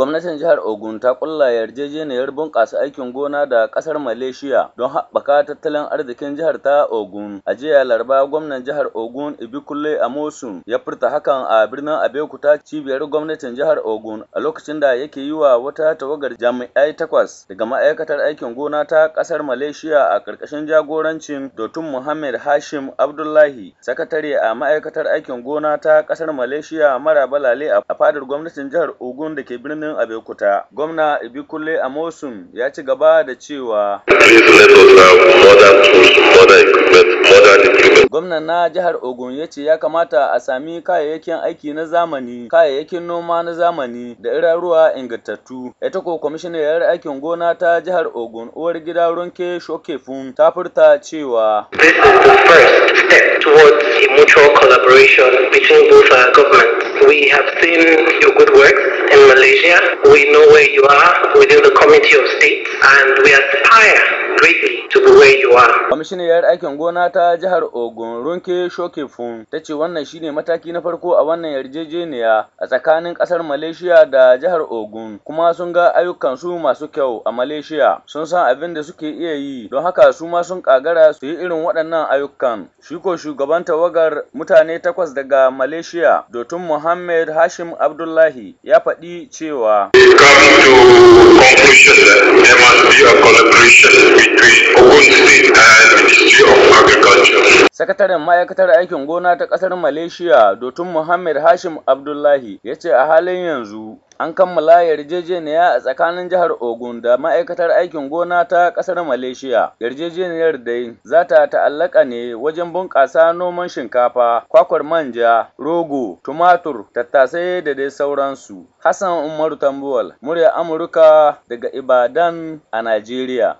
Gwamnatin jihar Ogun ta kulla yarjejeniyar bunƙasa aikin gona da ƙasar Malaysia don haɓaka tattalin arzikin jihar ta Ogun. A jiya Laraba gwamnan jihar Ogun Ibikunle Amosun ya furta hakan a birnin Abeokuta cibiyar gwamnatin jihar Ogun a lokacin da yake yi wa wata tawagar jami'ai takwas daga ma'aikatar aikin gona ta ƙasar Malaysia a ƙarƙashin jagorancin Dotun Muhammad Hashim Abdullahi, sakatare a ma'aikatar aikin gona ta ƙasar Malaysia Mara Balale a fadar gwamnatin jihar Ogun da ke birnin birnin Abeokuta. Gwamna Ibikunle Amosun ya ci gaba da cewa Gwamnan na jihar Ogun ya ce ya kamata a sami kayayyakin aiki na zamani, kayayyakin noma na zamani da iraruwa ingantattu. Ita ko yayar aikin gona ta jihar Ogun uwar gida Ronke Shokefun ta furta cewa towards a mutual collaboration between both our governments. We have seen Nigeria. We know where you are within the Committee of States, and we aspire greatly to the way you are. aikin gona ta jihar Ogun Runke Shokefun ta ce wannan shine mataki na farko a wannan yarjejeniya a tsakanin kasar Malaysia da jihar Ogun kuma sun ga ayyukan su masu kyau a Malaysia sun san abin da suke iya yi don haka su ma sun kagara su yi irin waɗannan ayyukan. ko shugaban tawagar mutane takwas daga Malaysia Dotun Muhammad Hashim Abdullahi ya faɗi cewa. Come to conclusion that Sakataren ma'aikatar aikin gona ta ƙasar Malaysia, Dotun Muhammad Hashim Abdullahi, ya ce a halin yanzu an kammala yarjejeniya a tsakanin jihar Ogun da ma'aikatar aikin gona ta ƙasar Malaysia. Yarjejeniyar dai za ta ta'allaka ne wajen bunƙasa noman shinkafa, kwakwar manja, rogo, tumatur, tattasai da dai sauransu. Hassan Umaru Tambuwal, murya Amurka daga Ibadan a Najeriya.